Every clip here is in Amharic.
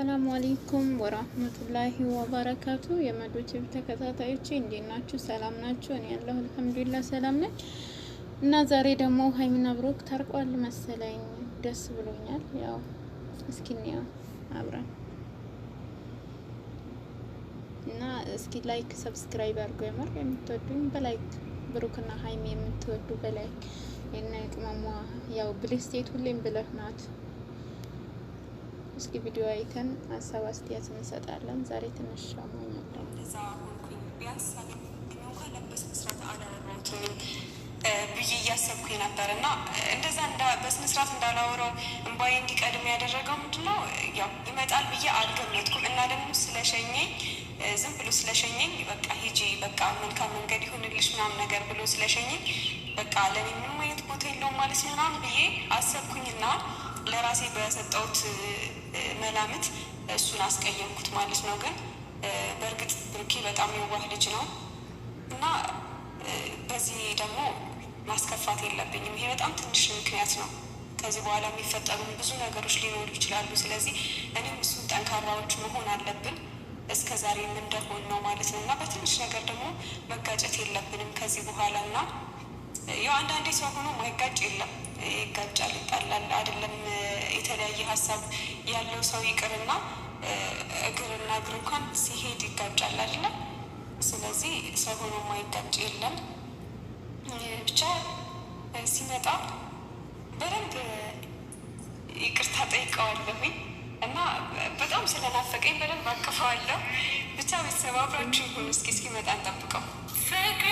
አሰላሙ አሌይኩም ወራህመቱላሂ ወበረካቱ የመዶችብ ተከታታዮች እንዴት ናችሁ? ሰላም ናችሁ? እኔ ያለሁ አልሐምዱሊላህ ሰላም ነኝ። እና ዛሬ ደግሞ ሀይሚና ብሩክ ታርቋል መሰለኝ ደስ ብሎኛል። ያው እስኪ እንየው አብረን እና እስኪ ላይክ ሰብስክራይብ አድርጎ የምር የምትወዱኝ በላይክ ብሩክና ሀይሚ የምትወዱ በላይክ እና የቅመሟ ያው ብልስቴት ሁሌም ብለህ ናት እስኪ ቪዲዮ አይተን ሀሳብ አስተያየት እንሰጣለን። ዛሬ ትንሽ ሻማኝ አለን ብዬ እያሰብኩኝ ነበር እና እንደዛ በስነ ስርዓት እንዳላወራው እምባዬ እንዲቀድም ያደረገው ምንድነው ያው ይመጣል ብዬ አልገመትኩም እና ደግሞ ስለሸኘኝ ዝም ብሎ ስለሸኘኝ በቃ ሂጂ በቃ መልካም መንገድ ይሁንልሽ ምናምን ነገር ብሎ ስለሸኘኝ በቃ ለኔ ምንም አይነት ቦታ የለውም ማለት ምናምን ብዬ አሰብኩኝና ለራሴ በሰጠሁት መላምት እሱን አስቀየምኩት ማለት ነው። ግን በእርግጥ ብሩኬ በጣም የዋህ ልጅ ነው እና በዚህ ደግሞ ማስከፋት የለብኝም። ይሄ በጣም ትንሽ ምክንያት ነው። ከዚህ በኋላ የሚፈጠሩ ብዙ ነገሮች ሊኖሩ ይችላሉ። ስለዚህ እኔም እሱን ጠንካራዎች መሆን አለብን እስከ ዛሬ የምንደሆን ነው ማለት ነው እና በትንሽ ነገር ደግሞ መጋጨት የለብንም ከዚህ በኋላ እና ያው አንዳንዴ ሰው ሆኖ ማይጋጭ የለም፣ ይጋጫል፣ ይጣላል። አይደለም የተለያየ ሀሳብ ያለው ሰው ይቅርና እግርና እግር እንኳን ሲሄድ ይጋጫል አይደለም። ስለዚህ ሰው ሆኖ ማይጋጭ የለም። ብቻ ሲመጣ በደንብ ይቅርታ ጠይቀዋለሁኝ እና በጣም ስለናፈቀኝ በደንብ አቅፈዋለሁ። ብቻ ቤተሰብ አብራችሁ ይሁን። እስኪ እስኪመጣ እንጠብቀው ፍቅሬ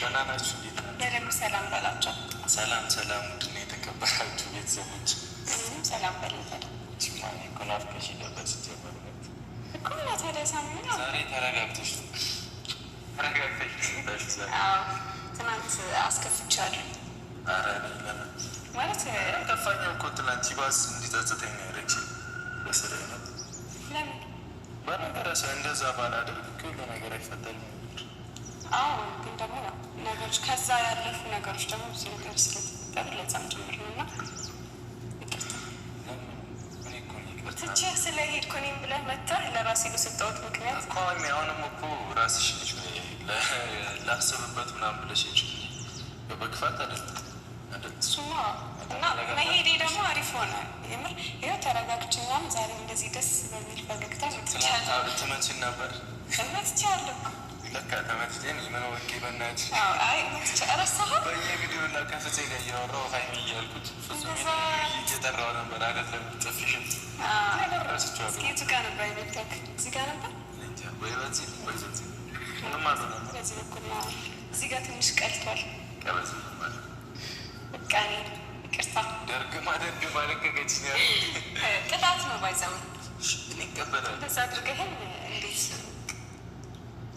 ደህና ናችሁ? እንዴት ናችሁ? በደምብ ሰላም በላቸው። ሰላም ሰላም። ውድና የተከበራችሁ ቤተሰቦች ሰላም በሉታል። እኮ ናፍቀሽ ነበር ስትጀምር እኮ ታዲያ ዛሬ ተረጋግተሽ ትናንት አስከፍቻለሁ። ኧረ ማለት ከፋኛ እኮ ትናንት ይባስ እንዲጸጽተኝ ያደረች በስለ ለምን በነገረሰ እንደዛ ባላደርግ ሁሉ ነገር አይፈጠልም ነበር አሁን ግን ደግሞ ነገሮች ከዛ ያለፉ ነገሮች ደግሞ ብዙ ነገር ስለተፈጠሩ ለዛም ጭምር ነው እና ትቼ ስለ እኔም ብለህ መጥተህ ለራሴ በሰጠሁት ምክንያት እኮ አሁንም እኮ ራስሽ ልጅ ላስብበት ምናምን ብለሽ ሄድሽ በግፋት አይደለም እሱማ እና መሄዴ ደግሞ አሪፍ ሆነ። የምር ይኸው ተረጋግቼ ምናምን ዛሬ እንደዚህ ደስ በሚል ፈገግታ መጥቻለሁ። ትመጪ ነበር መጥቻለሁ ለካ ተመችቴን የመኖር በናች በየቪዲዮ ላ ከፍፄ ጋር እያወራሁ ሀይሚ እያልኩት እየጠራሁ ነበር። አለት ለምጥፍሽን እዚህ ጋር ትንሽ ቀልቷል። ቅጣት ነው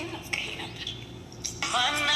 ግን አፍቅሬ ነበር።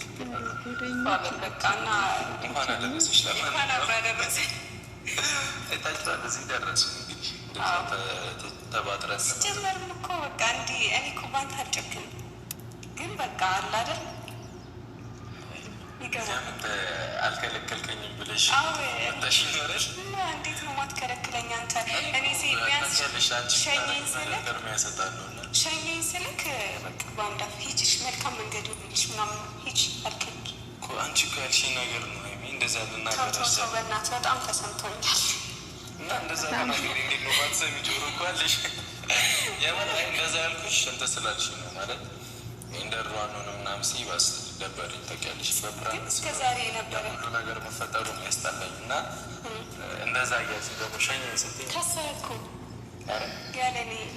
ሲጀመርም እኮ በቃ እንዲ እኔ እኮ ባንተ አልጨክም፣ ግን በቃ አለ አይደል አልከለከልከኝም ብለሽ እንዴት ነው ማትከለክለኝ አንተ? እኔ ቢያንስ ሸኘኝ ስልህ ሸኘኝ በአንዳፍ ሂጅሽ መልካም መንገድ ይሁንልሽ ምናምን ሂጅ አልከኝ አንቺ እኮ ያልሽኝ ነገር ነው። ሀይሚ እንደዛ ልናገር በእናት በጣም ተሰምቶኛል። እና እንደዛ ልናገር እንዴት ነው ባትሰሚ ጆሮ እኮ አለሽ። የምን እንደዛ ያልኩሽ እንትን ስላልሽኝ ነው ማለት እንደ ድሮ አንሆንም ምናምን ሲል ይባስ ደበረኝ። ታውቂያለሽ በብራን እስከ ዛሬ የነበረ ሁሉ ነገር መፈጠሩ ያስጠላኝ እና እንደዛ እያልሽ ደግሞ ሸኝ ስትይ ከሰ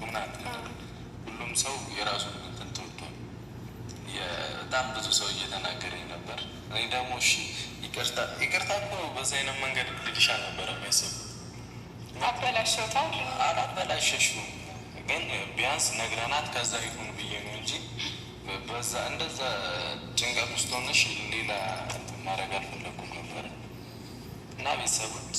ሆነ እኮ ሁሉም ሰው የራሱ እንትን ተወዷል። በጣም ብዙ ሰው እየተናገረኝ ነበር። እኔ ደግሞ እሺ ይቅርታ ይቅርታ እኮ በዚህ አይነት መንገድ ልልሽ አልነበረም ያሰብኩት። አበላሸታል አላበላሸሽም፣ ግን ቢያንስ ነግረናት ከዛ ይሁን ብዬ ነው እንጂ በዛ እንደዛ ጭንቀት ውስጥ ሆነሽ ሌላ ማድረግ አልፈለኩም ነበረ እና ቤተሰቦች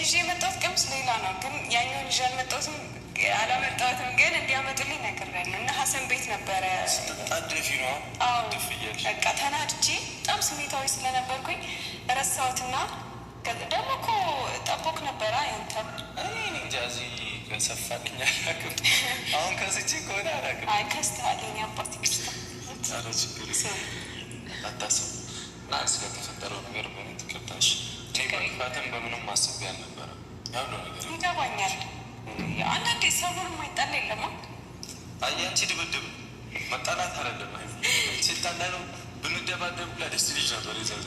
ይዤ የመጣሁት ቀሚስ ሌላ ነው፣ ግን ያኛውን ይዤ አልመጣሁትም አላመጣሁትም፣ ግን እንዲያመጡልኝ ነግሬያለሁ። እና ሀሰን ቤት ነበረ ጣድፊ ነው። አዎ በቃ ተናድጄ በጣም ስሜታዊ ስለነበርኩኝ ረሳሁትና ደግሞ እኮ ጠቦቅ ነበረ ያንተ እንጃ እዚህ አላውቅም። አሁን ከስቼ ከሆነ አላውቅም። አይ ከስተሃለኝ አባት ክስታ ችግር አታስብ። እና ስለተፈጠረው ነገር በእኔ ትቅርታሽ መግባትም በምንም ማሰብ ያልነበረ ይገባኛል። አንዳንዴ ሰውን ማይጣል የለማ አያንቺ ድብድብ መጣላት አይደለም። ሲጣላ ነው ብንደባደብ ላ ደስ ልጅ ነበር የዘዘ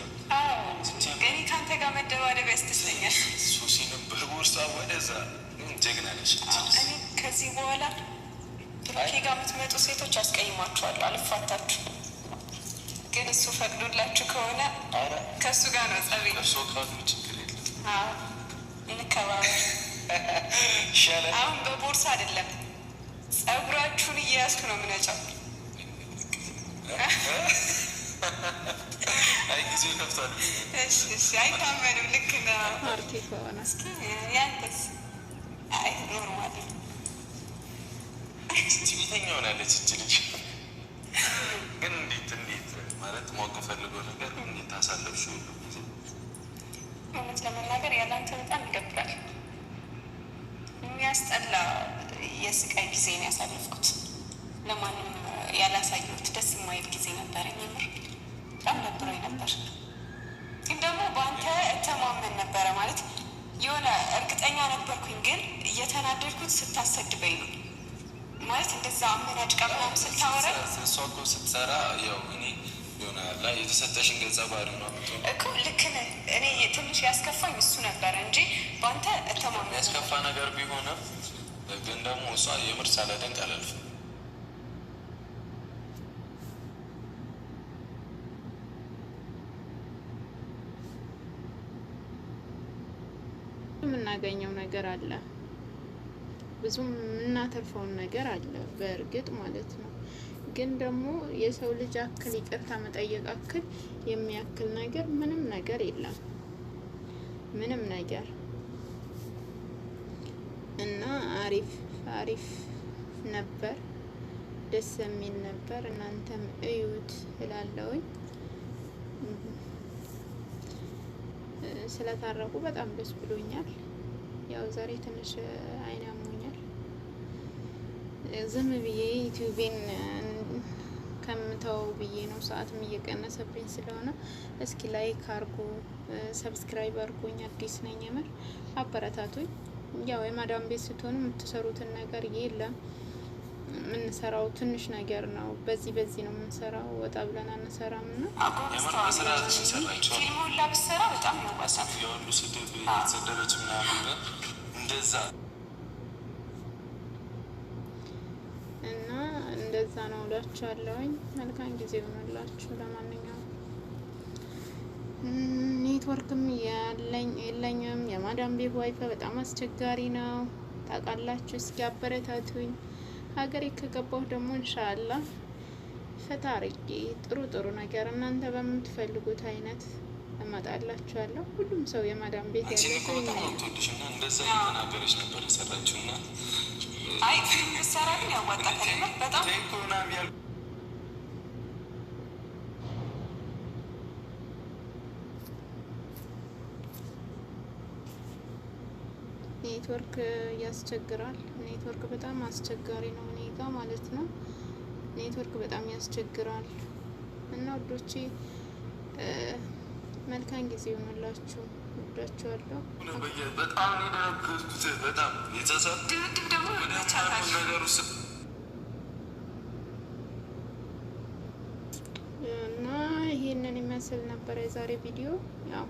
ግን ከአንተ ጋር መደባደብ ያስደስተኛል። ሱሲንም በቦርሳ ወደዛ ጀግና ነች። እኔ ከዚህ በኋላ ብሩኬ ጋር የምትመጡ ሴቶች አስቀይማችኋለሁ። አልፋታችሁ ግን እሱ ፈቅዶላችሁ ከሆነ ከእሱ ጋር ነው ጸብ። እሱ ካሉ ችግር የለም እንከባበር። አሁን በቦርሳ አይደለም ጸጉራችሁን እየያዝኩ ነው የምነጫው። አይ ጊዜ ይከፍታል። አይታመንም። ልክ ነው። ያንተስ? አይ ኖርማል። ትዕቢተኛ ሆናለች እች ልጅ ግን እንዴት እንዴት ማለት ማወቅ ፈልገው ነገር እንዴት ጊዜ እውነት ለመናገር ያላንተ በጣም ይደብራል። የሚያስጠላ የስቃይ ጊዜ ነው ያሳለፍኩት። ለማንም ያላሳየሁት ደስ የማይል ጊዜ ነበር። የምር በጣም ደብሮኝ ነበር። ግን ደግሞ በአንተ እተማመን ነበረ ማለት የሆነ እርግጠኛ ነበርኩኝ። ግን እየተናደድኩት ስታሰድበኝ ነው ማለት እንደዛ አመናጭ ቀምናም ስታወረ እሷ ስትሰራ ያው እኔ ሆናላ የተሰጠሽን ገጸ ባህሪ ነው እኮ። ልክ ነህ። እኔ ትንሽ ያስከፋኝ እሱ ነበረ እንጂ በአንተ እተማመ ያስከፋ ነገር ቢሆንም ግን ደግሞ እሷ የምር ሳላደንቅ አላልፍም። የምናገኘው ነገር አለ ብዙም የምናተርፈውን ነገር አለ በእርግጥ ማለት ነው። ግን ደግሞ የሰው ልጅ አክል ይቅርታ መጠየቅ አክል የሚያክል ነገር ምንም ነገር የለም፣ ምንም ነገር እና አሪፍ አሪፍ ነበር፣ ደስ የሚል ነበር። እናንተም እዩት እላለሁኝ። ስለታረቁ በጣም ደስ ብሎኛል። ያው ዛሬ ትንሽ አይናሞኛል። ዝም ብዬ ዩቲዩቤን ከምተው ብዬ ነው። ሰዓትም እየቀነሰብኝ ስለሆነ እስኪ ላይክ አርጉ፣ ሰብስክራይብ አርጉኝ። አዲስ ነኝ የምር አበረታቱኝ። ያው የማዳም ቤት ስትሆኑ የምትሰሩትን ነገር የለም የምንሰራው ትንሽ ነገር ነው። በዚህ በዚህ ነው የምንሰራው፣ ወጣ ብለን አንሰራም። ና ፊልሙን ላብሰራ በጣም ነው ባሳ የወንዱ ስድብ ሰደበች ምናምን እንደዛ እላችኋለሁኝ። መልካም ጊዜ ይሆንላችሁ። ለማንኛውም ኔትወርክም ያለኝ የለኝም የማዳም ቤት ዋይፋይ በጣም አስቸጋሪ ነው ታውቃላችሁ። እስኪ አበረታቱኝ። ሀገሬ ከገባሁ ደግሞ እንሻላ ፈታርጌ ጥሩ ጥሩ ነገር እናንተ በምትፈልጉት አይነት እመጣላችኋለሁ። ሁሉም ሰው የማዳም ቤት ያለ ሰው ነው። አይ ሰራ ግን ያዋጣ ከሌለ በጣም ኔትወርክ ያስቸግራል። ኔትወርክ በጣም አስቸጋሪ ነው፣ እኔ ጋ ማለት ነው። ኔትወርክ በጣም ያስቸግራል እና ወዶቼ መልካም ጊዜ ይሆንላችሁ። ወዳቸዋለሁ። በጣም የደረግኩት በጣም የተሰብ ድብድብ እና ይሄንን ይመስል ነበር የዛሬ ቪዲዮ። ያው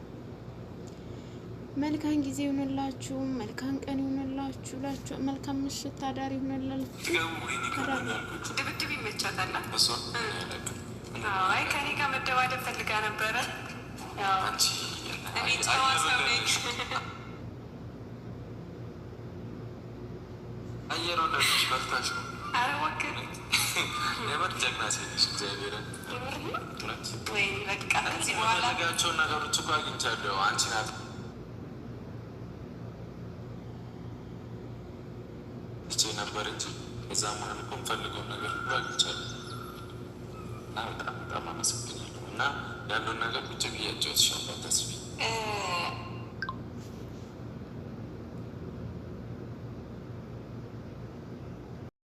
መልካም ጊዜ ይሁንላችሁ፣ መልካም ቀን ይሁንላችሁ፣ ላችሁ መልካም ምሽት አዳር ይሁንላችሁ። ድብድብ ይመቻታል። አይ ከኔ ጋር መደባደብ ፈልጋ ነበረ I mean, tell us how big. አየር ወለዶች በርታሽ ነው። አረዋክም የምር ጀግና ሴት ነሽ። እግዚአብሔርን እውነት ነገሮች እኮ አግኝቻለሁ። አንቺ ናት እቼ ነበር እንጂ እዛ መሆን እኮ የምፈልገውን ነገር ሁሉ አግኝቻለሁ እና በጣም በጣም አመሰግናለሁ እና ያለውን ነገር ብያቸው uh,